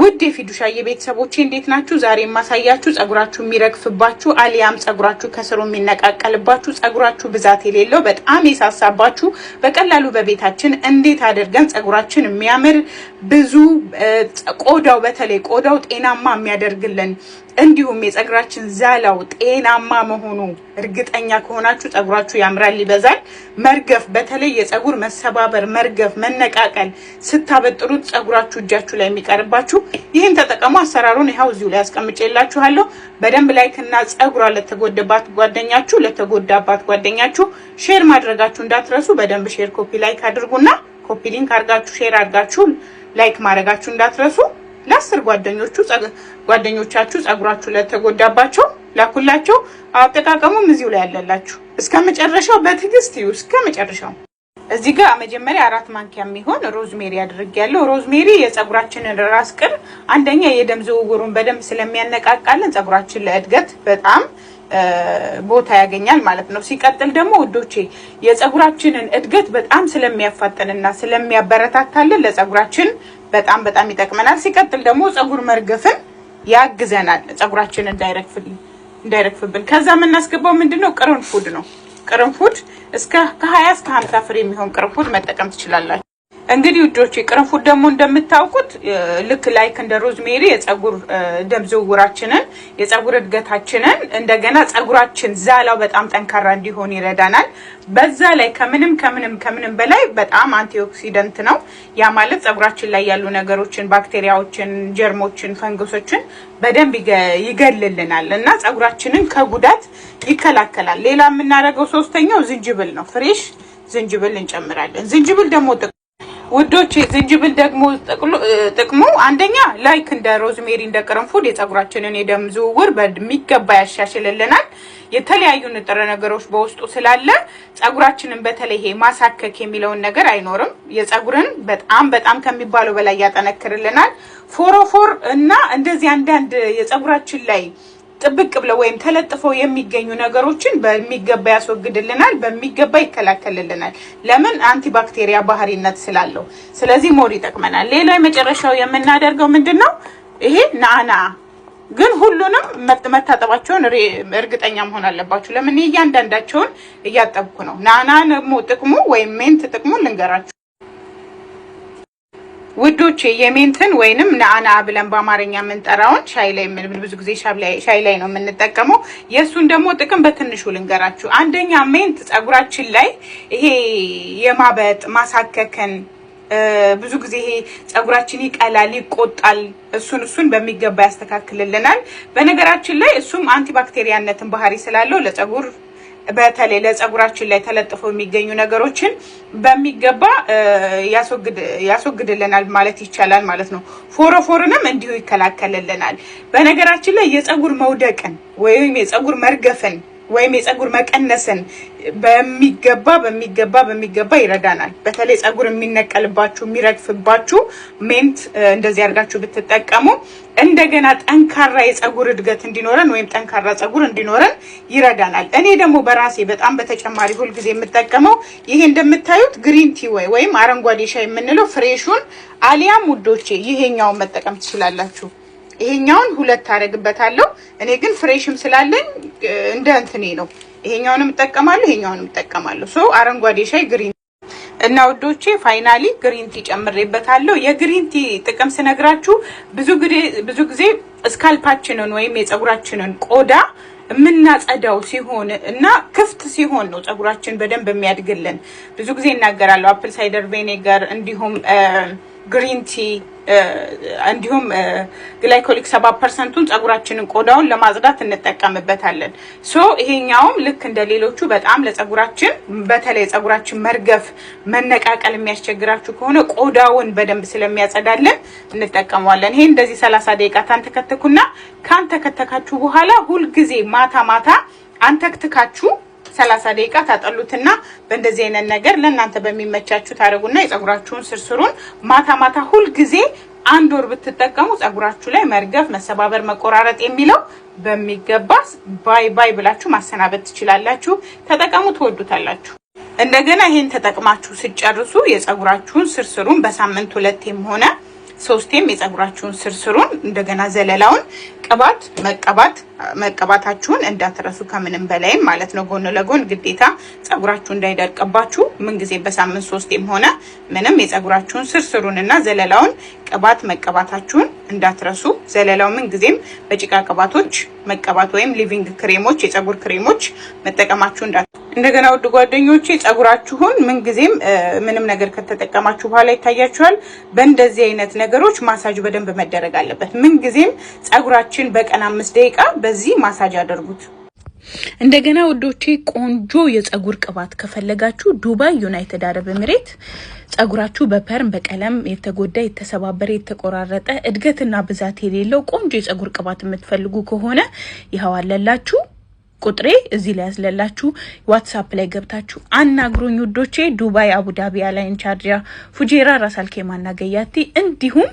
ውድ የፊዱሻዬ ቤተሰቦቼ እንዴት ናችሁ? ዛሬ የማሳያችሁ ጸጉራችሁ የሚረግፍባችሁ አሊያም ጸጉራችሁ ከስሩ የሚነቃቀልባችሁ ጸጉራችሁ ብዛት የሌለው በጣም የሳሳባችሁ በቀላሉ በቤታችን እንዴት አድርገን ጸጉራችን የሚያምር ብዙ ቆዳው በተለይ ቆዳው ጤናማ የሚያደርግልን እንዲሁም የፀጉራችን ዛላው ጤናማ መሆኑ እርግጠኛ ከሆናችሁ ፀጉራችሁ ያምራል፣ ይበዛል። መርገፍ፣ በተለይ የፀጉር መሰባበር፣ መርገፍ፣ መነቃቀል ስታበጥሩት ፀጉራችሁ እጃችሁ ላይ የሚቀርባችሁ ይህን ተጠቀሙ። አሰራሩን ይኸው እዚሁ ላይ አስቀምጬላችኋለሁ። በደንብ ላይክና ፀጉሯ ለተጎደባት ጓደኛችሁ ለተጎዳባት ጓደኛችሁ ሼር ማድረጋችሁ እንዳትረሱ። በደንብ ሼር ኮፒ ላይክ አድርጉና ኮፒ ሊንክ አድርጋችሁ ሼር አድርጋችሁ ላይክ ማድረጋችሁ እንዳትረሱ። ለአስር ጓደኞቹ ጓደኞቻችሁ ጸጉራችሁ ለተጎዳባቸው ላኩላቸው። አጠቃቀሙም እዚሁ ላይ ያለላችሁ። እስከ መጨረሻው በትዕግስት ይዩ። እስከ መጨረሻው እዚህ ጋር መጀመሪያ አራት ማንኪያ የሚሆን ሮዝሜሪ ያለው ሮዝሜሪ የጸጉራችንን ራስ ቅል አንደኛ የደም ዝውውሩን በደንብ ስለሚያነቃቃልን ጸጉራችን ለእድገት በጣም ቦታ ያገኛል ማለት ነው። ሲቀጥል ደግሞ ውዶቼ የፀጉራችንን እድገት በጣም ስለሚያፋጥንና ስለሚያበረታታልን ለፀጉራችን በጣም በጣም ይጠቅመናል። ሲቀጥል ደግሞ ፀጉር መርገፍን ያግዘናል። ፀጉራችን እንዳይረግፍብን ከዛ የምናስገባው ምንድን ነው? ቅርንፉድ ነው። ቅርንፉድ እስከ ከሀያ እስከ ሀምሳ ፍሬ የሚሆን ቅርንፉድ መጠቀም ትችላላችሁ። እንግዲህ ውዶች ቅርንፉድ ደግሞ እንደምታውቁት ልክ ላይክ እንደ ሮዝሜሪ የጸጉር ደም ዝውውራችንን የጸጉር እድገታችንን እንደገና ጸጉራችን ዛላው በጣም ጠንካራ እንዲሆን ይረዳናል። በዛ ላይ ከምንም ከምንም ከምንም በላይ በጣም አንቲኦክሲደንት ነው። ያ ማለት ጸጉራችን ላይ ያሉ ነገሮችን፣ ባክቴሪያዎችን፣ ጀርሞችን፣ ፈንገሶችን በደንብ ይገልልናል እና ጸጉራችንን ከጉዳት ይከላከላል። ሌላ የምናደርገው ሶስተኛው ዝንጅብል ነው። ፍሬሽ ዝንጅብል እንጨምራለን። ዝንጅብል ደግሞ ውዶች ዝንጅብል ደግሞ ጥቅሙ አንደኛ ላይክ እንደ ሮዝሜሪ እንደ ቅርንፉድ የፀጉራችንን የደም ዝውውር በሚገባ ያሻሽልልናል። የተለያዩ ንጥረ ነገሮች በውስጡ ስላለ ፀጉራችንን በተለይ ይሄ ማሳከክ የሚለውን ነገር አይኖርም። የፀጉርን በጣም በጣም ከሚባለው በላይ ያጠነክርልናል። ፎሮፎር እና እንደዚህ አንዳንድ የፀጉራችን ላይ ጥብቅ ብለው ወይም ተለጥፈው የሚገኙ ነገሮችን በሚገባ ያስወግድልናል፣ በሚገባ ይከላከልልናል። ለምን አንቲባክቴሪያ ባህሪነት ስላለው። ስለዚህ ሞር ይጠቅመናል። ሌላ የመጨረሻው የምናደርገው ምንድን ነው? ይሄ ናና ግን ሁሉንም መታጠባቸውን እርግጠኛ መሆን አለባችሁ። ለምን እያንዳንዳቸውን እያጠብኩ ነው። ናና ደግሞ ጥቅሙ ወይም ሜንት ጥቅሙ ልንገራችሁ። ውዶች የሜንትን ወይንም ነአና ብለን በአማርኛ የምንጠራውን ሻይ ላይ ብዙ ጊዜ ሻይ ላይ ነው የምንጠቀመው። የእሱን ደግሞ ጥቅም በትንሹ ልንገራችሁ። አንደኛ ሜንት ጸጉራችን ላይ ይሄ የማበጥ ማሳከክን ብዙ ጊዜ ይሄ ጸጉራችን ይቀላል፣ ይቆጣል። እሱን እሱን በሚገባ ያስተካክልልናል። በነገራችን ላይ እሱም አንቲባክቴሪያነትን ባህሪ ስላለው ለጸጉር በተለይ ለፀጉራችን ላይ ተለጥፈው የሚገኙ ነገሮችን በሚገባ ያስወግድልናል ማለት ይቻላል ማለት ነው። ፎረፎርንም እንዲሁ ይከላከልልናል። በነገራችን ላይ የፀጉር መውደቅን ወይም የፀጉር መርገፍን ወይም የፀጉር መቀነስን በሚገባ በሚገባ በሚገባ ይረዳናል። በተለይ ፀጉር የሚነቀልባችሁ የሚረግፍባችሁ ሜንት እንደዚህ አድርጋችሁ ብትጠቀሙ እንደገና ጠንካራ የፀጉር እድገት እንዲኖረን ወይም ጠንካራ ፀጉር እንዲኖረን ይረዳናል። እኔ ደግሞ በራሴ በጣም በተጨማሪ ሁልጊዜ የምጠቀመው ይሄ እንደምታዩት ግሪን ቲ ወይ ወይም አረንጓዴ ሻይ የምንለው ፍሬሹን አሊያም ውዶቼ ይሄኛውን መጠቀም ትችላላችሁ። ይሄኛውን ሁለት አደርግበታለሁ። እኔ ግን ፍሬሽም ስላለኝ እንደ እንትኔ ነው። ይሄኛውንም እጠቀማለሁ፣ ይሄኛውንም እጠቀማለሁ። ሶ አረንጓዴ ሻይ ግሪን እና ውዶቼ ፋይናሊ ግሪን ቲ ጨምሬበታለሁ። የግሪን ቲ ጥቅም ስነግራችሁ ብዙ ጊዜ እስካልፓችንን ወይም የፀጉራችንን ቆዳ የምናጸዳው ሲሆን እና ክፍት ሲሆን ነው ፀጉራችን በደንብ የሚያድግልን። ብዙ ጊዜ እናገራለሁ አፕል ሳይደር ቬኔገር እንዲሁም ግሪን ቲ እንዲሁም ግላይኮሊክ ሰባ ፐርሰንቱን ጸጉራችንን ቆዳውን ለማጽዳት እንጠቀምበታለን። ሶ ይሄኛውም ልክ እንደ ሌሎቹ በጣም ለጸጉራችን በተለይ ጸጉራችን መርገፍ፣ መነቃቀል የሚያስቸግራችሁ ከሆነ ቆዳውን በደንብ ስለሚያጸዳለን እንጠቀመዋለን። ይሄ እንደዚህ ሰላሳ ደቂቃ ታንተከትኩና ካንተከተካችሁ በኋላ ሁልጊዜ ማታ ማታ አንተክትካችሁ ሰላሳ ደቂቃ ታጠሉትና በእንደዚህ አይነት ነገር ለእናንተ በሚመቻችሁ ታደረጉና የጸጉራችሁን ስርስሩን ማታ ማታ ሁልጊዜ አንድ ወር ብትጠቀሙ ጸጉራችሁ ላይ መርገፍ፣ መሰባበር፣ መቆራረጥ የሚለው በሚገባ ባይ ባይ ብላችሁ ማሰናበት ትችላላችሁ። ተጠቀሙ፣ ትወዱታላችሁ። እንደገና ይሄን ተጠቅማችሁ ስጨርሱ የጸጉራችሁን ስርስሩን በሳምንት ሁለቴም ሆነ ሶስቴም የጸጉራችሁን ስርስሩን እንደገና ዘለላውን ቅባት መቀባት መቀባታችሁን እንዳትረሱ ከምንም በላይም ማለት ነው። ጎን ለጎን ግዴታ ጸጉራችሁ እንዳይደርቅባችሁ ምንጊዜ በሳምንት ሶስቴም ሆነ ምንም የጸጉራችሁን ስርስሩን እና ዘለላውን ቅባት መቀባታችሁን እንዳትረሱ። ዘለላው ምንጊዜም በጭቃ ቅባቶች መቀባት ወይም ሊቪንግ ክሬሞች፣ የጸጉር ክሬሞች መጠቀማችሁ እንደገና ውድ ጓደኞቼ ጸጉራችሁን ምንጊዜም ምንም ነገር ከተጠቀማችሁ በኋላ ይታያችኋል። በእንደዚህ አይነት ነገሮች ማሳጅ በደንብ መደረግ አለበት። ምንጊዜም ጸጉራችን በቀን አምስት ደቂቃ በዚህ ማሳጅ አድርጉት። እንደገና ውዶቼ ቆንጆ የጸጉር ቅባት ከፈለጋችሁ ዱባይ፣ ዩናይትድ አረብ ኤሚሬት ጸጉራችሁ በፐርም በቀለም የተጎዳ የተሰባበረ የተቆራረጠ እድገትና ብዛት የሌለው ቆንጆ የጸጉር ቅባት የምትፈልጉ ከሆነ ይኸው አለላችሁ። ቁጥሬ እዚህ ላይ ያስለላችሁ። ዋትሳፕ ላይ ገብታችሁ አናግሩኝ ውዶቼ። ዱባይ፣ አቡዳቢ፣ አላይን፣ ቻርጃ፣ ፉጄራ፣ ራሳልኬ እና ገያቲ እንዲሁም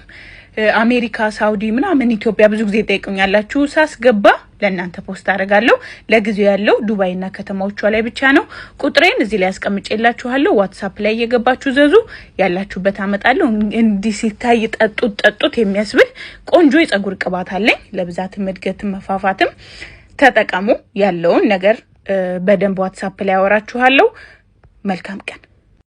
አሜሪካ፣ ሳውዲ ምናምን ኢትዮጵያ ብዙ ጊዜ ጠይቁኛላችሁ። ሳስገባ ለእናንተ ፖስት አደርጋለሁ። ለጊዜው ያለው ዱባይና ከተማዎቿ ላይ ብቻ ነው። ቁጥሬን እዚህ ላይ ያስቀምጬላችኋለሁ። ዋትሳፕ ላይ እየገባችሁ ዘዙ፣ ያላችሁበት አመጣለሁ። እንዲህ ሲታይ ጠጡት ጠጡት የሚያስብል ቆንጆ የጸጉር ቅባት አለኝ ለብዛትም እድገትም መፋፋትም ተጠቀሙ። ያለውን ነገር በደንብ ዋትሳፕ ላይ ያወራችኋለሁ። መልካም ቀን